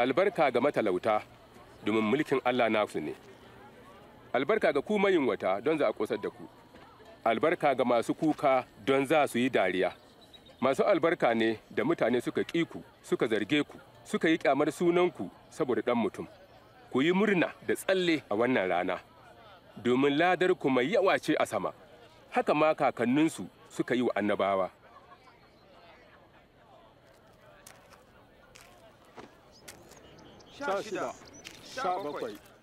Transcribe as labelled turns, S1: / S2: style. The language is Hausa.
S1: albarka ga matalauta domin mulkin Allah nasu ne albarka ga ku mayunwata don za a kosar da ku albarka ga masu kuka don za su yi dariya masu albarka ne da mutane suka ƙi ku suka zarge ku suka yi ƙyamar sunanku saboda ɗan mutum ku yi murna da tsalle a wannan rana domin ladar ku mai yawa ce a sama haka ma kakanninsu suka yi wa annabawa
S2: チャーシダシャ